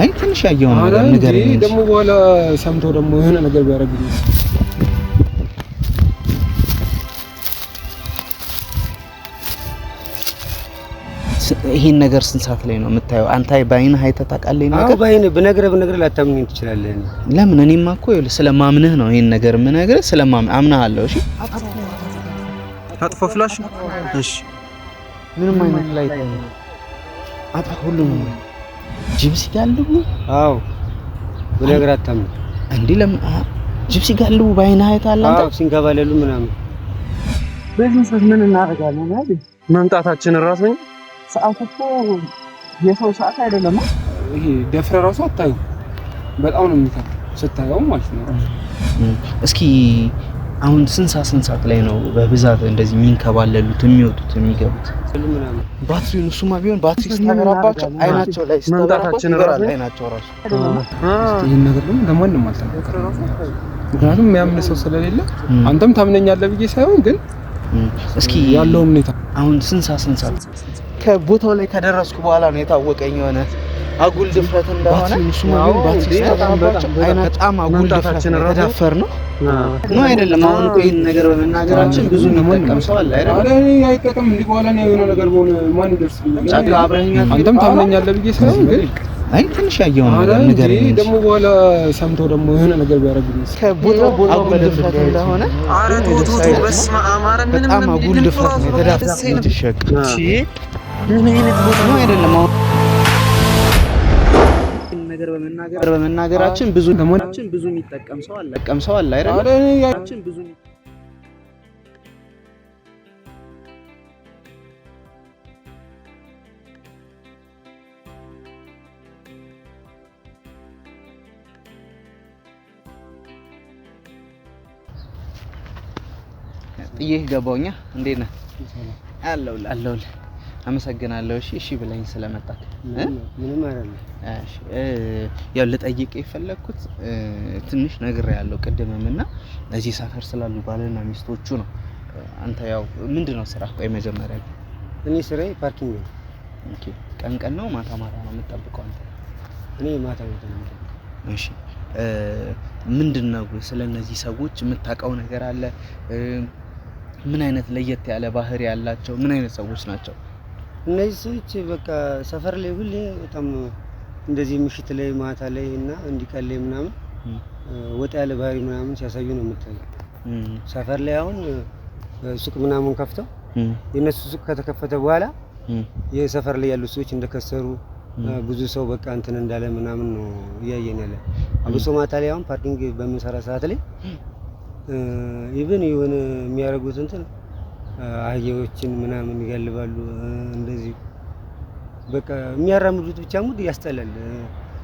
አይ ትንሽ ያየው ነው ነገር ይሄ ደሞ በኋላ ሰምቶ ደሞ የሆነ ነገር ቢያደርግ ይሄን ነገር ስንት ሰዓት ላይ ነው የምታየው? አንተ በአይንህ አይተህ ታውቃለህ? ነገር አዎ፣ በአይንህ ብነግርህ ብነግርህ ላታምነኝ ትችላለህ። ለምን? እኔማ እኮ ይኸውልህ ስለማምንህ ነው ይሄን ነገር የምነግርህ። ስለማምንህ አምናለሁ። እሺ፣ አጥፋ ፍላሽ። እሺ፣ ምንም አይነት ላይ አጥፋ፣ ነው ጅብ ሲጋልቡ? አዎ ብነግር አታምንም እንዴ? ለምን ጅብ ሲጋልቡ በአይን አይታል አንተ? አዎ ሲንከባለሉ ምናምን። በዚህ ሰዓት ምን እናደርጋለን? አይደል መምጣታችን ራሱ ሰዓት እኮ የሰው ሰዓት አይደለም። ይሄ ደፍረ ራሱ አታዩ። በጣም ነው የሚታ ስታየው ማለት ነው። እስኪ አሁን ስንት ሰዓት ስንት ሰዓት ላይ ነው በብዛት እንደዚህ የሚንከባለሉት የሚወጡት የሚገቡት? ባትሪውን እሱማ ቢሆን ባትሪ ስታገራባቸው አይናቸው ላይ ስታገራባቸው ራሱ አይናቸው ራሱ ይህን ነገር ደግሞ ለማንም አልተናገርም። ምክንያቱም የሚያምን ሰው ስለሌለ አንተም ታምነኛለህ ብዬ ሳይሆን ግን እስኪ ያለው ሁኔታ አሁን ስንት ሰዓት ስንት ሰዓት ከቦታው ላይ ከደረስኩ በኋላ ነው የታወቀኝ የሆነ አጉል ድፍረት እንደሆነ በጣም አጉል ድፍረት የተዳፈር ነው ነው አይደለም። አሁን እኮ ይህን ነገር በመናገራችን ብዙ የሚጠቀም ሰው አለ አይደለም። አንተም ታምነኛለህ ብዬ ሳይሆን ግን አይ ትንሽ ያየው ነገር ነገር ደግሞ በኋላ ሰምቶ ደግሞ የሆነ ነገር ቢያደርግ ከቦታ ቦታ መለፍት እንደሆነ በጣም አጉል ድፍረት ነው የተዳፈረ ነው። ምን አይነት ቦታ ነው አይደለም አሁን ነገር በመናገራችን ብዙ ለመሆናችን ብዙ የሚጠቀም ሰው አለ ጠቀም ሰው አለ አይደል? ብዙ ጥዬህ ገባውኛ። እንዴት ነህ? አለሁልህ አለሁልህ። አመሰግናለሁ። እሺ እሺ ብለኝ ስለመጣህ ያው ልጠይቅ የፈለግኩት ትንሽ ነገር ያለው ቅድምም እና እዚህ ሰፈር ስላሉ ባልና ሚስቶቹ ነው። አንተ ያው ምንድን ነው ስራ? ቆይ መጀመሪያ እኔ ስራዬ ፓርኪንግ ነው። ኦኬ፣ ቀን ቀን ነው ማታ ማታ ነው የምጠብቀው አንተ? እኔ ማታ ማታ ነው የምጠብቀው። እሺ፣ ምንድን ነው ስለ እነዚህ ሰዎች የምታውቀው ነገር አለ? ምን አይነት ለየት ያለ ባህሪ ያላቸው ምን አይነት ሰዎች ናቸው? እነዚህ ሰዎች በቃ ሰፈር ላይ ሁሌ በጣም እንደዚህ ምሽት ላይ ማታ ላይ እና እንዲቀል ምናምን ወጣ ያለ ባህሪ ምናምን ሲያሳዩ ነው የምታዩ። ሰፈር ላይ አሁን ሱቅ ምናምን ከፍተው የእነሱ ሱቅ ከተከፈተ በኋላ የሰፈር ላይ ያሉ ሰዎች እንደከሰሩ ብዙ ሰው በቃ እንትን እንዳለ ምናምን ነው እያየን ያለ። አብሶ ማታ ላይ አሁን ፓርኪንግ በምንሰራ ሰዓት ላይ ኢቭን የሆነ የሚያደርጉት እንትን አህያዎችን ምናምን ይጋልባሉ። እንደዚህ በቃ የሚያራምዱት ብቻ ሙድ ያስጠላል።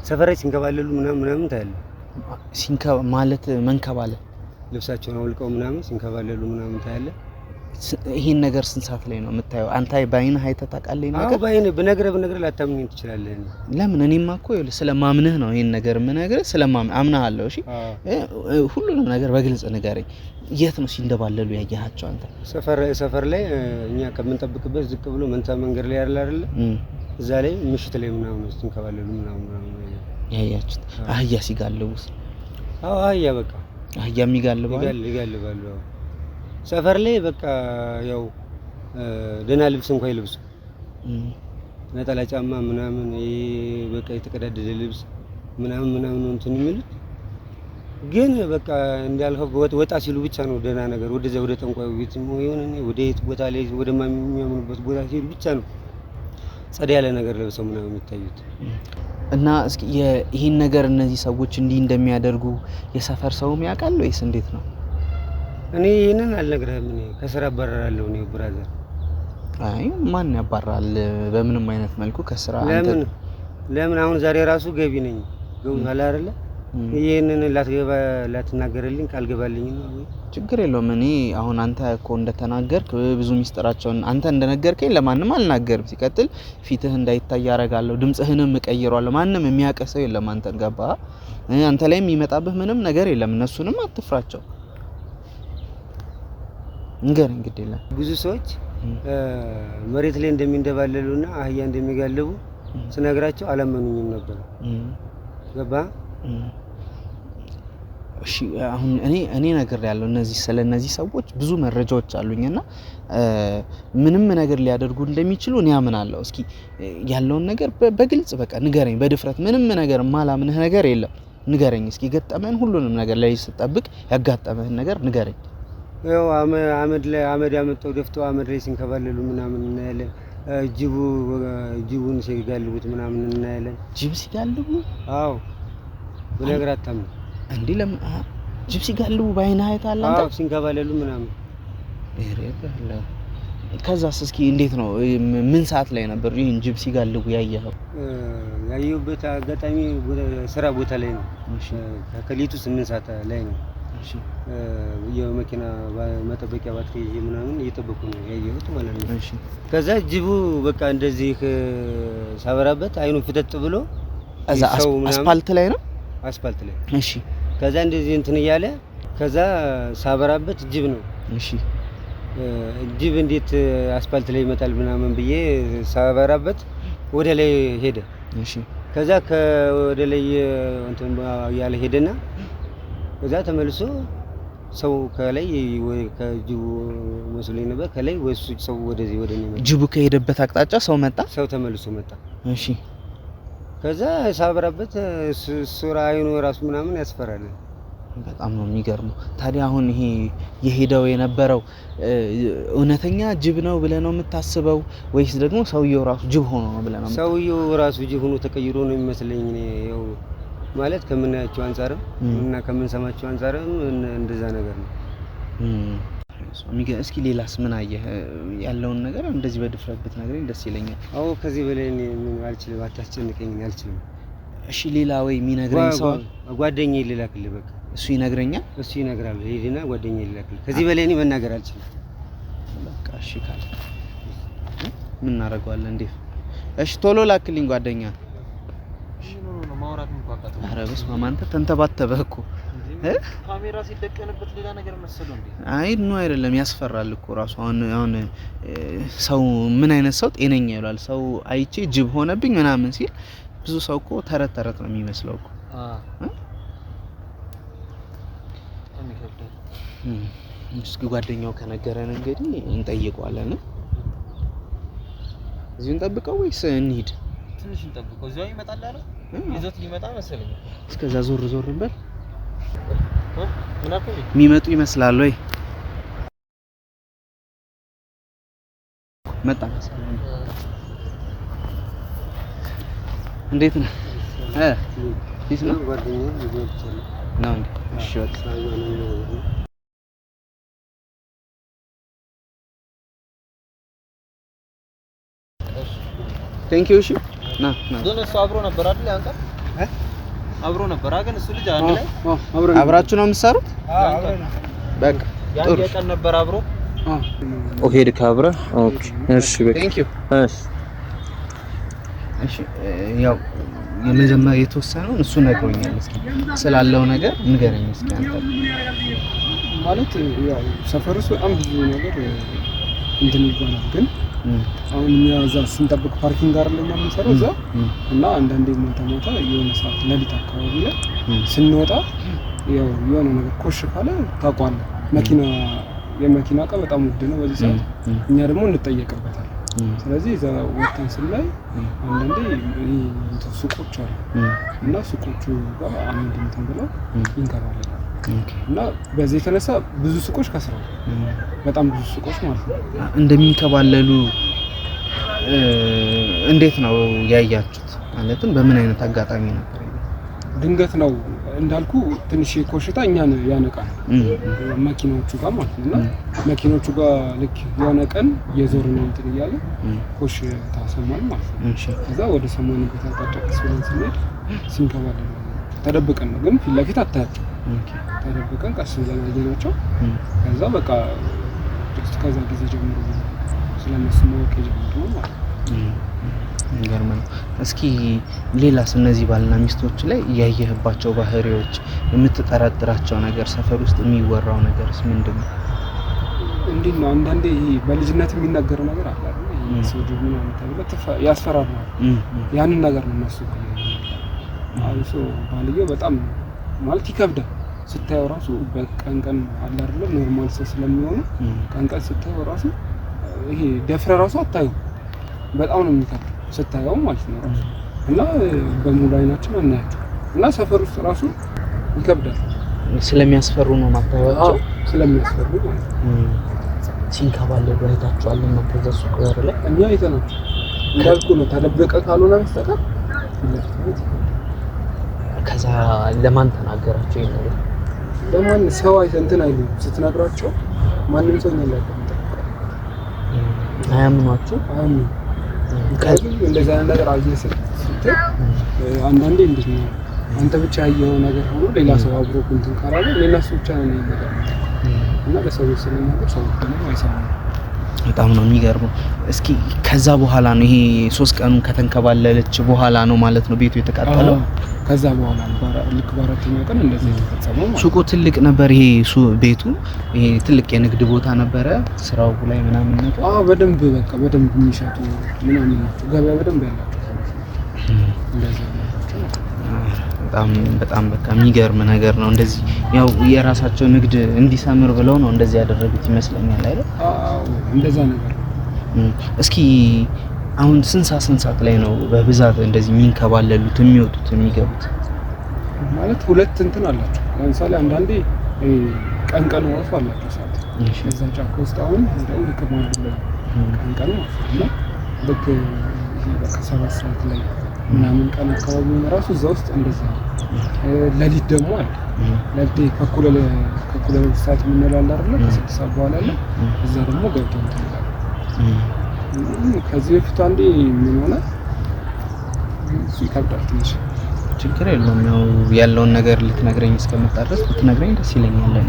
ሰፈራች ሲንከባለሉ ምናምን ምናምን ታያለ። ማለት መንከባለል ልብሳቸውን አውልቀው ምናምን ሲንከባለሉ ምናምን ታያለ። ይሄን ነገር ስንት ሰዓት ላይ ነው የምታየው? አንተ በአይንህ ሀይተ ታውቃለህ? ነገር በአይንህ ብነግርህ ብነግርህ ላታምነኝ ትችላለህ። ለምን? እኔማ እኮ ስለማምንህ ነው ይሄን ነገር የምነግርህ። ስለማምንህ አምናለሁ። እሺ፣ ሁሉንም ነገር በግልጽ ንገረኝ። የት ነው ሲንደባለሉ ያየሃቸው አንተ? ሰፈር ሰፈር ላይ እኛ ከምንጠብቅበት ዝቅ ብሎ መንታ መንገድ ላይ ያለ አይደል? እዛ ላይ ምሽት ላይ ምናምን ሲንከባለሉ ምናምን ምናምን ያያችሁት? አህያ ሲጋልቡስ? አዎ፣ አህያ በቃ አህያ የሚጋልባሉ ይጋልባሉ ሰፈር ላይ በቃ ያው ደህና ልብስ እንኳ ይልብሱ ነጠላ ጫማ ምናምን በቃ የተቀዳደደ ልብስ ምናምን ምናምን እንትን የሚሉት ግን በቃ እንዳልኸው ወጣ ሲሉ ብቻ ነው ደህና ነገር ወደዚያ ወደ ጠንቋዩ ቤት የሆነ ወደ የት ቦታ ላይ ወደ የሚያምኑበት ቦታ ሲሉ ብቻ ነው ጸደ ያለ ነገር ለብሰው ምናምን የሚታዩት እና እስኪ ይህን ነገር እነዚህ ሰዎች እንዲህ እንደሚያደርጉ የሰፈር ሰውም ያውቃል ወይስ እንዴት ነው? እኔ ይህንን አልነግርህም። እኔ ከስራ አባረራለሁ። እኔ ብራዘር፣ አይ ማን ያባራል? በምንም አይነት መልኩ ከስራ ለምን ለምን? አሁን ዛሬ ራሱ ገቢ ነኝ። ገብቶሃል አይደለ? ይህንን ላትገባ ላትናገርልኝ ቃል ገባልኝ ነው። ችግር የለውም። እኔ አሁን አንተ እኮ እንደተናገርክ ብዙ ሚስጥራቸውን አንተ እንደነገርከኝ ለማንም አልናገርም። ሲቀጥል ፊትህ እንዳይታይ ያደርጋለሁ ድምጽህንም እቀይሯለሁ። ማንም የሚያቀሰው የለም አንተን። ገባ? አንተ ላይ የሚመጣብህ ምንም ነገር የለም። እነሱንም አትፍራቸው። እንገር እንግዲህ ብዙ ሰዎች መሬት ላይ እንደሚንደባለሉና አህያ እንደሚጋልቡ ስነግራቸው አላመኑኝም ነበር። ገባ እሺ። አሁን እኔ እኔ ነገር ያለው እነዚህ ስለ እነዚህ ሰዎች ብዙ መረጃዎች አሉኝና ምንም ነገር ሊያደርጉ እንደሚችሉ እኔ አምናለሁ። እስኪ ያለውን ነገር በግልጽ በቃ ንገረኝ በድፍረት ምንም ነገር ማላምንህ ነገር የለም ንገረኝ። እስኪ ገጠመን ሁሉንም ነገር ላይ ስጠብቅ ያጋጠመህን ነገር ንገረኝ። ያው አመድ ላይ አመድ ያመጣው ደፍቶ አመድ ላይ ሲንከባለሉ ምናምን እናያለን። ጅቡ ጅቡን ሲጋልቡት ምናምን እናያለን። ጅብ ሲጋልቡ? አዎ ብነግር አታምንም። እንዲህ ለምን ጅብ ሲጋልቡ በአይንህ አይተሃል አለ? አዎ ሲንከባለሉ ምናምን። ከዛስ እስኪ እንዴት ነው? ምን ሰዓት ላይ ነበር ይህን ጅብ ሲጋልቡ ያየኸው? ያየሁበት አጋጣሚ ስራ ቦታ ላይ ነው። ከሌቱ ስምንት ሰዓት ላይ ነው የመኪና መጠበቂያ ባትሪ ይዤ ምናምን እየጠበቁ ነው ያየሁት ማለት ነው። ከዛ ጅቡ በቃ እንደዚህ ሳበራበት አይኑ ፍጠጥ ብሎ እዛ አስፓልት ላይ ነው አስፓልት ላይ እሺ። ከዛ እንደዚህ እንትን እያለ ከዛ ሳበራበት ጅብ ነው እሺ። ጅብ እንዴት አስፓልት ላይ ይመጣል ምናምን ብዬ ሳበራበት ወደ ላይ ሄደ። እሺ ከዛ ከወደ ላይ እንትን ያለ ሄደና እዛ ተመልሶ ሰው ከላይ ከጅቡ መስሎኝ ነበር። ከላይ ወሱ ሰው ወደዚህ ወደ እኔ መጣ። ጅቡ ከሄደበት አቅጣጫ ሰው መጣ፣ ሰው ተመልሶ መጣ። እሺ፣ ከዛ ሳብራበት ሱራ አይኑ ራሱ ምናምን ያስፈራል። በጣም ነው የሚገርመው። ታዲያ አሁን ይሄ የሄደው የነበረው እውነተኛ ጅብ ነው ብለህ ነው የምታስበው ወይስ ደግሞ ሰውየው ራሱ ጅብ ሆኖ ነው ብለህ ነው? ሰውየው ራሱ ጅብ ሆኖ ተቀይሮ ነው የሚመስለኝ ያው ማለት ከምናያቸው አንጻርም እና ከምንሰማቸው አንጻርም እንደዛ ነገር ነው። እስኪ ሌላስ ምን አየህ? ያለውን ነገር እንደዚህ በድፍረት ብትነግረኝ ደስ ይለኛል። አዎ ከዚህ በላይ እኔ ምን አልችልም፣ አታስጨንቀኝ፣ አልችልም። እሺ ሌላ ወይ የሚነግረኝ ሰው ጓደኛዬ ልላክልህ። በቃ እሱ ይነግረኛል፣ እሱ ይነግራል። ሂድና ጓደኛዬ ልላክልህ። ከዚህ በላይ እኔ መናገር አልችልም። በቃ እሺ ካለ ምን እናደርገዋለን? እንዴት? እሺ ቶሎ ላክልኝ ጓደኛ ማውራት እንኳን አንተ ተንተባተበህ እኮ ካሜራ ሲደቀንበት ሌላ ነገር መሰለው እንዴ? አይ አይደለም፣ ያስፈራል እኮ ራሱ። አሁን አሁን ሰው ምን አይነት ሰው ጤነኛ ይሏል? ሰው አይቼ ጅብ ሆነብኝ ምናምን ሲል ብዙ ሰው እኮ ተረት ተረት ነው የሚመስለው እኮ። እስኪ ጓደኛው ከነገረን እንግዲህ እንጠይቀዋለን። እዚሁ እንጠብቀው ወይስ እንሂድ? ትንሽ እንጠብቀው። እዚያው ይመጣል አይደል? ይዞት ሊመጣ መሰለኝ። እስከዛ ዞር ዞር እንበል። የሚመጡ ይመስላል ወይ? መጣ መሰለኝ። እንዴት ነህ? እ ዲስ ነው ጓደኛዬ ነው እንዴ? እሺ ወጣ ቴንክ ዩ እሺ ና ና ግን እሱ አብሮ ነበር አይደል አንተ አብሮ ነበር ግን እሱ ልጅ አንድ ላይ አብራችሁ ነው የምትሰሩት? በቃ ጥሩ ቀን ነበር አብሮ ኦኬ ልክ ኦኬ እሺ በቃ እሺ እሺ ያው የመጀመሪያ የተወሰነውን እሱ ነግሮኛል። እስኪ ስላለው ነገር ንገረኝ እስኪ አንተ ማለት ያው ሰፈር ውስጥ በጣም ብዙ ነገር እንትን ይባላል ግን አሁን እኛ እዛ ስንጠብቅ ፓርኪንግ ጋር ለኛ የምንሰራው እዛ እና አንዳንዴ ማታ ማታ የሆነ ሰዓት ለሊት አካባቢ ላይ ስንወጣ ያው የሆነ ነገር ኮሽ ካለ ታውቋለህ። መኪና የመኪና እቃ በጣም ውድ ነው በዚህ ሰዓት፣ እኛ ደግሞ እንጠየቅበታል። ስለዚህ እዛ ወጥተን ስናይ አንዳንዴ ሱቆች አሉ እና ሱቆቹ ጋር አንድ እንትን ብለው ይንከባለን እና በዚህ የተነሳ ብዙ ሱቆች ከስረዋል። በጣም ብዙ ሱቆች ማለት ነው እንደሚንከባለሉ እንዴት ነው ያያችሁት? ማለትም በምን አይነት አጋጣሚ ነበር? ድንገት ነው እንዳልኩ ትንሽ ኮሽታ እኛን ያነቃል መኪናዎቹ ጋር ማለት ነው። እና መኪናዎቹ ጋር ልክ የሆነ ቀን የዞር ነው እንትን እያለ ኮሽታ ሰማን ማለት ነው። እዛ ወደ ሰማንበት አቅጣጫ ብለን ስንሄድ ሲንከባለል ተደብቀን ነው ግን ፊት ለፊት አታያቸው። ተደብቀን ቀስ ብለን አየናቸው። ከዛ በቃ ከዛ ጊዜ ጀምሮ ስለነሱ ማወቅ የጀመሩ ማለት ገርም ነው። እስኪ ሌላስ እነዚህ ባልና ሚስቶች ላይ ያየህባቸው ባህሪዎች፣ የምትጠረጥራቸው ነገር፣ ሰፈር ውስጥ የሚወራው ነገርስ ምንድን ነው? እንዴት ነው አንዳንዴ ይሄ በልጅነት የሚናገረው ነገር አለ አይደል? ሰው ምናምን ተብሎ ያስፈራራል። ያንን ነገር ነው የሚያስቡ አብሶ ባልየው በጣም ማለት ይከብዳል ስታየው ራሱ በቀን ቀን አለ አይደለ ኖርማል ሰው ስለሚሆኑ ቀን ቀን ስታየው ራሱ ይሄ ደፍረ ራሱ አታዩ በጣም ነው የሚከብድ ስታየው ማለት ነው ራሱ እና በሙሉ አይናችን አናያቸው እና ሰፈር ውስጥ ራሱ ይከብዳል። ስለሚያስፈሩ ነው ማታያቸው ስለሚያስፈሩ ማለት ነው። ሲንከባለሉ አይታችኋል እና ከዛ ሱቅ በር ላይ እኛ አይተናቸው እንዳልኩ ነው ተደበቀ ካልሆነ በስተቀር ከዛ ለማን ተናገራቸው? ይሄን ነገር ለማን ሰው እንትን አይሉ ስትነግራቸው ማንም ሰው ነው አያምኗቸው። አያምኑ ከዚህ እንደዛ ነገር አየህ ስትል አንዳንዴ እንዴት ነው አንተ ብቻ ያየው ነገር ሆኖ ሌላ ሰው አብሮ እንትን ካላለ ሌላ ሰው ብቻ ነው ነገር እና ለሰዎች ስለሚናገር ሰው ነው አይሰማም። በጣም ነው የሚገርመው። እስኪ ከዛ በኋላ ነው ይሄ ሶስት ቀኑን ከተንከባለለች በኋላ ነው ማለት ነው ቤቱ የተቃጠለው። ከዛ በኋላ ነው ልክ በአራተኛው ቀን እንደዚህ የተፈጸመው። ሱቁ ትልቅ ነበር ይሄ ቤቱ፣ ይሄ ትልቅ የንግድ ቦታ ነበረ። ስራው ላይ ምናምን ነው። አዎ በደንብ በቃ በደንብ የሚሸጡ ምናምን ናቸው። ገበያ በደንብ ያላቸው እንደዚህ በጣም በጣም በቃ የሚገርም ነገር ነው። እንደዚህ ያው የራሳቸው ንግድ እንዲሰምር ብለው ነው እንደዚህ ያደረጉት ይመስለኛል አይደል? አዎ እንደዛ ነገር። እስኪ አሁን ስንት ሰዓት ስንት ሰዓት ላይ ነው በብዛት እንደዚህ የሚንከባለሉት የሚወጡት የሚገቡት? ማለት ሁለት እንትን አላቸው። ለምሳሌ አንዳንዴ ቀን ቀን ወፍ አላቸው ሰዓት እዛ ጫካ ውስጥ አሁን እንደው ልክ ማለት ነው ቀን ቀን ወፍ እና ልክ ሰባት ሰዓት ላይ ምናምን ቀን አካባቢ ራሱ እዛ ውስጥ እንደዛ ለሊት ደግሞ አለ። ለሊት ከኩለ ከኩለ ሰዓት የምንለው አለ አይደለ? ከስድስት ሰዓት በኋላ አለ። እዛ ደግሞ ገብተን ተላለ። ከዚህ በፊት አንዴ ምን ሆነ? ይከብዳል ትንሽ ችግር የለውም። ያው ያለውን ነገር ልትነግረኝ እስከመጣ ድረስ ብትነግረኝ ደስ ይለኛል።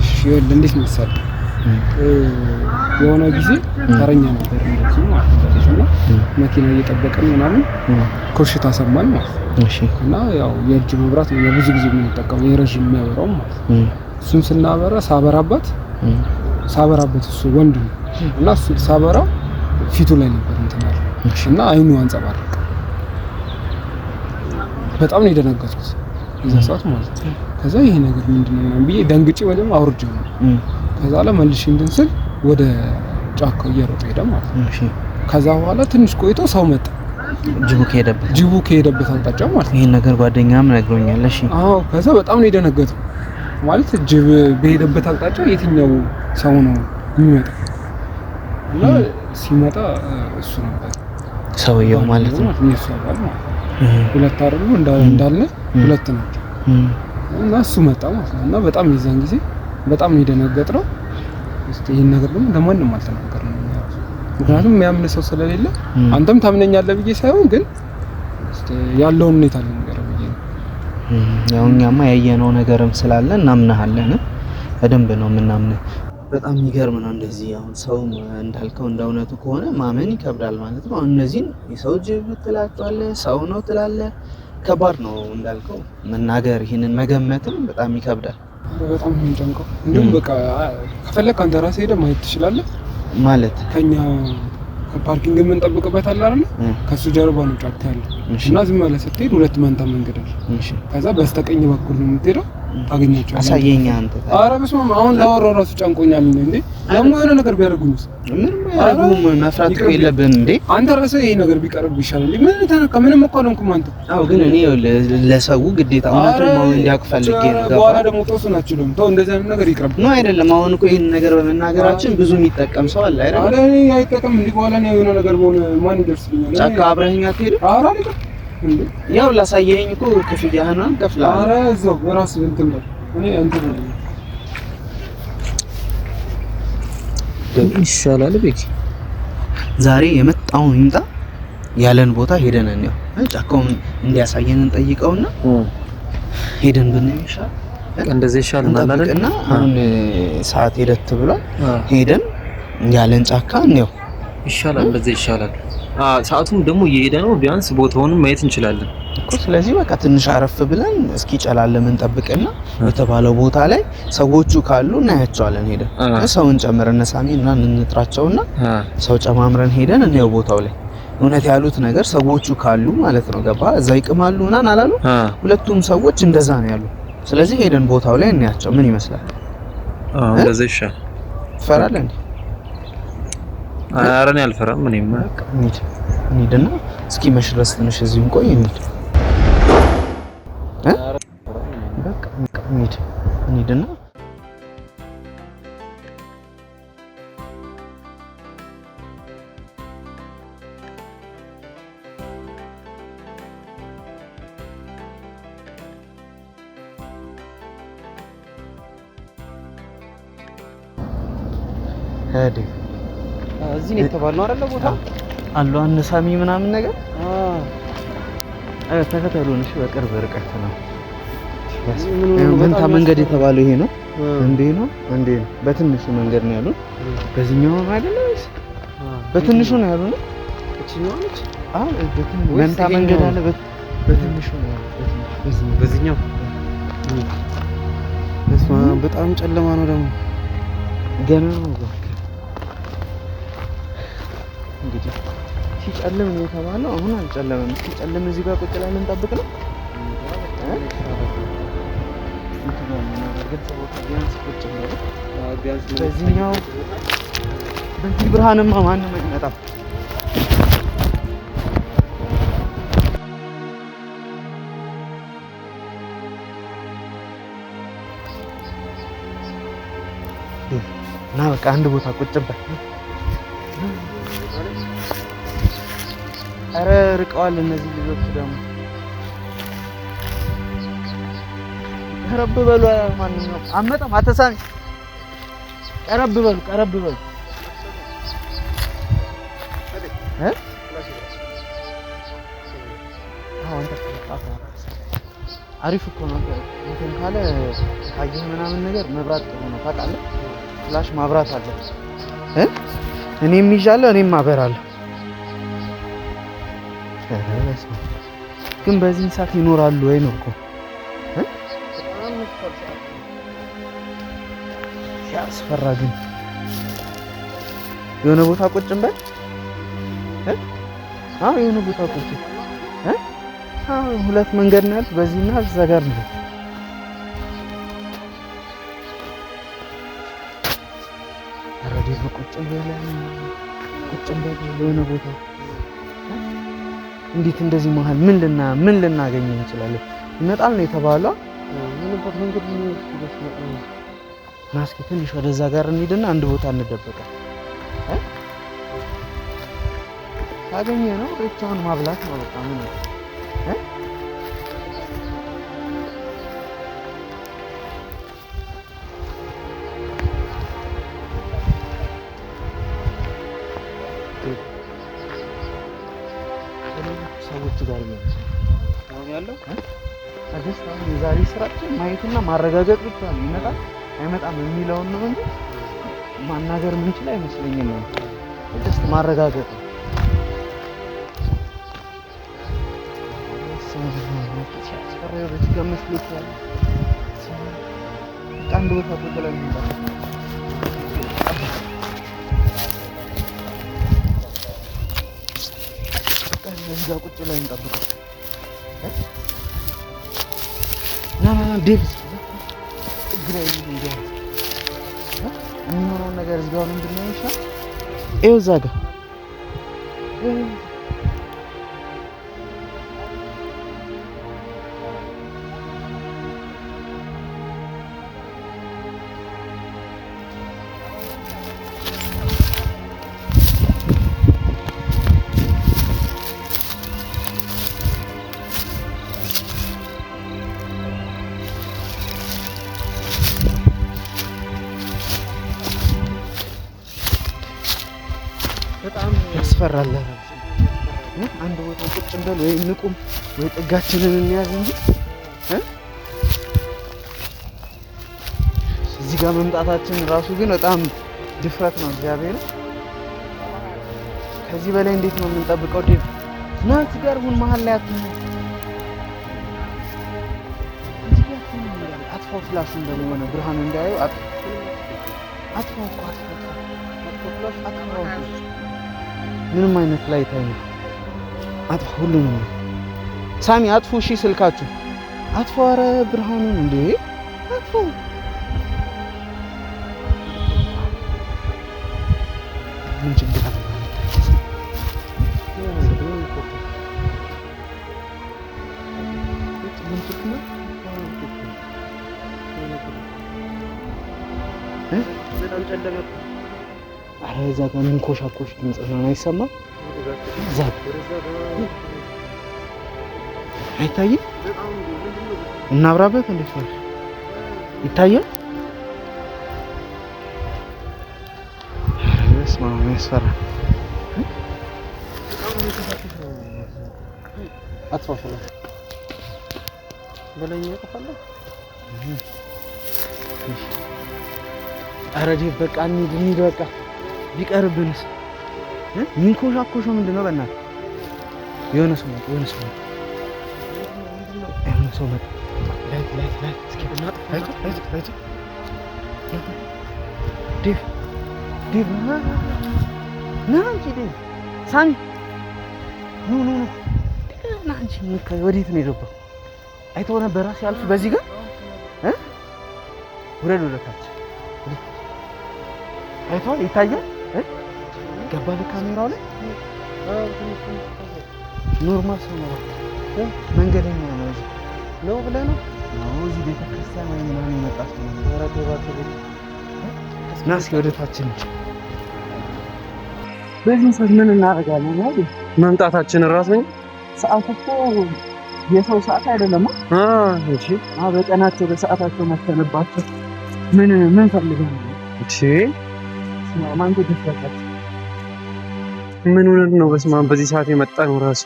እሺ እንዴት መሰለህ የሆነ ጊዜ ተረኛ ነበር እንደዚህ መኪና እየጠበቀን ምናምን ኮሽታ ሰማን ማለት እና ያው የእጅ መብራት ነው ብዙ ጊዜ የምንጠቀመው የረዥም የሚያበራው ማለት እሱን ስናበራ ሳበራበት ሳበራበት እሱ ወንድ ነው እና እሱ ሳበራ ፊቱ ላይ ነበር እንትናል እና አይኑ አንጸባረቀ። በጣም ነው የደነገጥኩት እዛ ሰዓት ማለት ነው። ከዛ ይሄ ነገር ምንድን ነው ብዬ ደንግጬ ወደም አውርጄው ነው ከዛ በኋላ መልሽ እንትን ስል ወደ ጫካው እየሮጠ ሄደ ማለት ነው። እሺ ከዛ በኋላ ትንሽ ቆይቶ ሰው መጣ። ጅቡ ከሄደበት ጅቡ ከሄደበት አቅጣጫ ማለት ነው። ይሄን ነገር ጓደኛም ነግሮኛል። እሺ፣ አዎ። ከዛ በጣም ነው የደነገጠው ማለት ጅብ በሄደበት አቅጣጫ የትኛው ሰው ነው የሚመጣ? እና ሲመጣ እሱ ነበር ሰውየው ማለት ነው። ሁለት አይደሉ እንዳልነ ሁለት ነው። እና እሱ መጣ ማለት ነው። እና በጣም የዛን ጊዜ በጣም የደነገጥ ነው። እስቲ ይህን ነገር ደግሞ ለማንም ነው። ምክንያቱም የሚያምን ሰው ስለሌለ አንተም ታምነኛለህ ብዬ ሳይሆን ግን ያለውን ሁኔታ ልንገር ብዬ ነው። ያው እኛማ ያየነው ነገርም ስላለ እናምናሃለን። በደንብ ነው የምናምንህ። በጣም ይገርም ነው። እንደዚህ አሁን ሰው እንዳልከው እንደ እውነቱ ከሆነ ማመን ይከብዳል ማለት ነው። እነዚህን የሰው ጅብ ትላቸዋለህ፣ ሰው ነው ትላለህ። ከባድ ነው እንዳልከው መናገር፣ ይህንን መገመትም በጣም ይከብዳል። በጣም የሚጨንቀው እንዲሁም በቃ ከፈለግ አንተ ራስህ ሄደህ ማየት ትችላለህ። ማለት ከኛ ፓርኪንግ የምንጠብቅበት አለ አይደል? ከሱ ጀርባ ነው ጫካ ያለ እና ዝም ብለህ ስትሄድ ሁለት መንታ መንገድ አለ። ከዛ በስተቀኝ በኩል ነው የምትሄደው አገኛቸው አሳየኝ። አንተ ኧረ በስመ አብ አሁን ላወራው እራሱ ጨንቆኛል። እንዴ ደግሞ የሆነ ነገር ቢያደርጉኝስ? ምንም አያደርጉም። መፍራት እኮ የለብህም እንዴ አንተ ራስህ። ይሄ ነገር ቢቀርብ ይሻላል። ምን ተነካ? ምንም እኮ አልሆንኩም። አንተ አዎ፣ ግን እኔ ለሰው ግዴታ እውነቱን ማወቅ እንዲያውቅ ፈልጌ ነው። በኋላ ደግሞ ጦሱ ናቸው። ደግሞ ተው፣ እንደዚህ አይነት ነገር ይቅርብ ነው አይደለም። አሁን እኮ ይሄን ነገር በመናገራችን ብዙ የሚጠቀም ሰው አለ አይደለም። አረ አይጠቀም። እንዲህ በኋላ ነው የሆነ ነገር በሆነ ማን ይደርስልኛል? ጫካ አብረኸኝ አትሄድም? አረ አልሄድም ያው እኮ ክፍያህን እዛው እንትን ነው። እኔ እንትን ነው ይሻላል። ዛሬ የመጣውን ይምጣ ያለን ቦታ ሄደን እንየው። ጫካውን እንዲያሳየን እንጠይቀውና ሄደን ብናየው እንደዚህ ይሻል አይደል? አሁን ሰዓት ሄደት ብሏል። ሄደን ያለን ጫካ እንየው ይሻላል። እንደዚህ ይሻላል። ሰዓቱም ደግሞ እየሄደ ነው። ቢያንስ ቦታውንም ማየት እንችላለን እኮ። ስለዚህ በቃ ትንሽ አረፍ ብለን እስኪ ምን እንጠብቅና የተባለው ቦታ ላይ ሰዎቹ ካሉ እናያቸዋለን። ሄደን ሰውን እንጨምርና ሳሚ እና እንጥራቸውና ሰው ጨማምረን ሄደን እንየው ቦታው ላይ እውነት ያሉት ነገር ሰዎቹ ካሉ ማለት ነው። ገባ እዛ ይቅማሉ ምናምን አላሉ። ሁለቱም ሰዎች እንደዛ ነው ያሉ። ስለዚህ ሄደን ቦታው ላይ እናያቸው። ምን ይመስላል? እንደዚህ ይሻላል። ትፈራለህ እንዴ? ኧረ እኔ አልፈራም። እኔማ እንሂድና እስኪ መሽ ድረስ ትንሽ እዚሁ እንቆይ። እንሂድና ሄደ እዚህ ነው የተባልነው አይደለ? ቦታ አሉ አንሳሚ ምናምን ነገር ተከተሉን። እሺ፣ በቅርብ ርቀት ነው መንታ መንገድ የተባለው ይሄ ነው። እንዴ ነው እንዴ ነው። በትንሹ መንገድ ነው ያሉን። በዚህኛው አይደለ? በትንሹ ነው ያሉን። እቺኛው ነች። አዎ፣ መንታ መንገድ አለ። በትንሹ ነው በዚህኛው በዚህኛው በጣም ጨለማ ነው ደግሞ ገና ነው እንግዲህ ሲጨልም ነው የተባለው። አሁን አልጨለመም። ሲጨልም እዚህ ጋር ቁጭ ላይ ልንጠብቅ ነው። በዚህኛው በዚህ ብርሃንማ ማንም አይመጣም። እና በቃ አንድ ቦታ ቁጭበት ርቀዋል። እነዚህ ልጆች ደግሞ ቀረብ በሉ። ማንኛውም አመጣም አተሳሚ ቀረብ በሉ፣ ቀረብ በሉ። አሪፍ እኮ ነው እንትን ካለ ካየህ ምናምን ነገር መብራት ጥሩ ነው ታውቃለህ። ፍላሽ ማብራት አለ። እኔም ይዣለሁ፣ እኔም አበራለሁ ድረስ ነው። ግን በዚህ ሰዓት ይኖራሉ ወይ ነው እኮ ያስፈራ። ግን የሆነ ቦታ ቁጭ እንበል። አዎ የሆነ ቦታ ቁጭ ሁለት መንገድ ነው ያሉት፣ በዚህና እዛ ጋር ነው። ቁጭ ቁጭ የሆነ ቦታ እንዴት እንደዚህ መሀል ምን ልና ምን ልናገኝ እንችላለን? ይመጣል ነው የተባለው። ናስኪ ትንሽ ወደዛ ጋር እንሂድና አንድ ቦታ እንደበቃል። ታገኘ ነው ብቻውን ማብላት ነው ማውራትና ማረጋገጥ ብቻ ይመጣል አይመጣም የሚለውን ነው እንጂ ማናገር ምንችል አይመስለኝም። ነው ስ ማረጋገጥ አንድ ቦታ ቁጭ ላይ እንጠብቃል የሚሆነውን ነገር እዚጋ ይበራል። አንድ ቦታ ቁጭ እንበል ወይ እንቁም ወይ ጥጋችንን እንያዝ እንጂ እዚህ ጋር መምጣታችን ራሱ ግን በጣም ድፍረት ነው። እግዚአብሔር ከዚህ በላይ እንዴት ነው የምንጠብቀው? ዴ ና እዚህ ጋር ሁን መሀል ላይ አት አጥፋው ፍላሽ እንደሆነ ብርሃን እንዳያዩ አጥፋው አጥፋው አጥፋው ምንም አይነት ላይ ታይ አጥፋ፣ ሁሉንም ሳሚ አጥፎ፣ እሺ ስልካችሁ አጥፎ። አረ ብርሃኑ እንዴ አጥፎ። ምን ችግር እዛ ጋር የሚንኮሻኮሽ ድምፅ ነው አይሰማም? እዛ አይታይም? እናብራበት። እንዴት ነው ይታያል? በለኝ ያስፈራል። ኧረ በቃ እንሂድ በቃ ቢቀርብንስ? ሚንኮሻኮሾ ምንድን ነው? በእናት የሆነ ሰው መጣ። የሆነ ሰው መጣ። የሆነ ሰው መጣ። ና ዴቭ። ሳሚ ና ወዴት ነው የገባው? አይተኸው ነበረ ሲያልፍ በዚህ ጋር ውረድ፣ ወደ ታች ይታያል ገባ ለካሜራው ላይ ኖርማል ሰው ነው መንገደኛ ነው እዚህ ነው ብለህ ነው እዚህ ቤተ ክርስቲያን ወይ ምናምን የመጣ ናስ ወደታችን በዚህ ሰዓት ምን እናደርጋለን? አይደል መምጣታችን ራሱ ሰዓት እኮ የሰው ሰዓት አይደለም። አዎ እሺ፣ በቀናቸው በሰዓታቸው መተንባቸው ምን ምን ፈልገ እሺ ማንተ ምን ሆነን ነው? በስመ አብ በዚህ ሰዓት የመጣ ነው ራሱ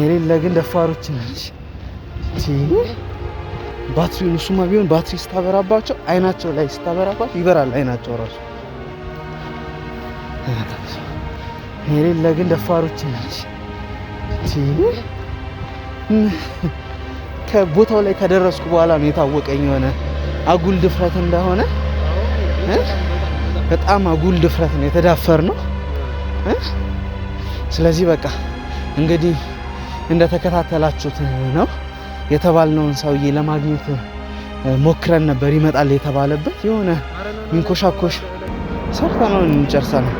የሌለ ግን ደፋሮች ናች። ባትሪ እሱማ ቢሆን ባትሪ ስታበራባቸው አይናቸው ላይ ስታበራባቸው ይበራል አይናቸው ራሱ። የሌለ ግን ደፋሮች ናች። ከቦታው ላይ ከደረስኩ በኋላ ነው የታወቀኝ የሆነ አጉል ድፍረት እንደሆነ በጣም አጉል ድፍረት ነው የተዳፈር ነው። ስለዚህ በቃ እንግዲህ እንደተከታተላችሁት ነው የተባልነውን ሰውዬ ለማግኘት ሞክረን ነበር። ይመጣል የተባለበት የሆነ ሚንኮሻኮሽ ሰርተ ነው ነው።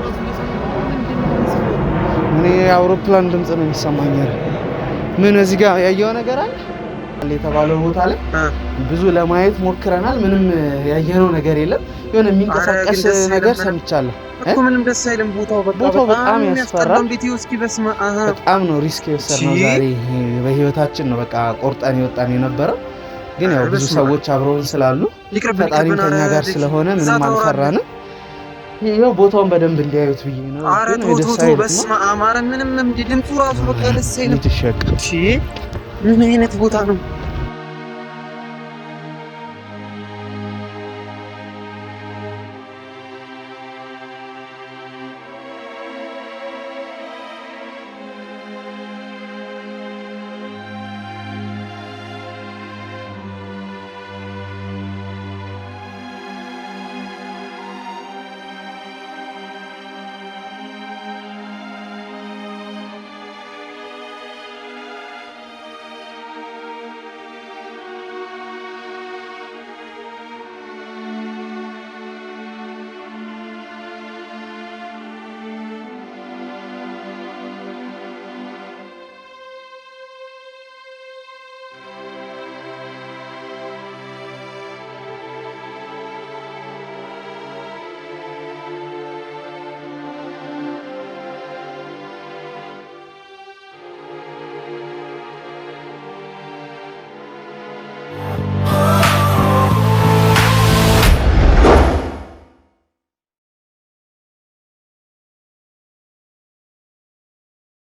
እኔ የአውሮፕላን ድምፅ ነው የሚሰማኝ። ምን እዚህ ጋር ያየው ነገር አለ የተባለው ቦታ ላይ ብዙ ለማየት ሞክረናል። ምንም ያየነው ነገር የለም። የሆነ የሚንቀሳቀስ ነገር ሰምቻለሁ። ምንም ደስ አይልም። ቦታው በጣም ያስፈራል። በጣም ነው ሪስክ የወሰድነው ዛሬ። በህይወታችን ነው በቃ ቆርጠን የወጣን የነበረው። ግን ያው ብዙ ሰዎች አብረውን ስላሉ ፈጣሪ ከኛ ጋር ስለሆነ ምንም አልፈራንም። ይሄው ቦታውን በደንብ እንዲያዩት ብዬ ነው። አረ ቶቶ በስመ አብ! ምንም ድምፁ ራሱ በቃ ደስ አይልም። ምን አይነት ቦታ ነው?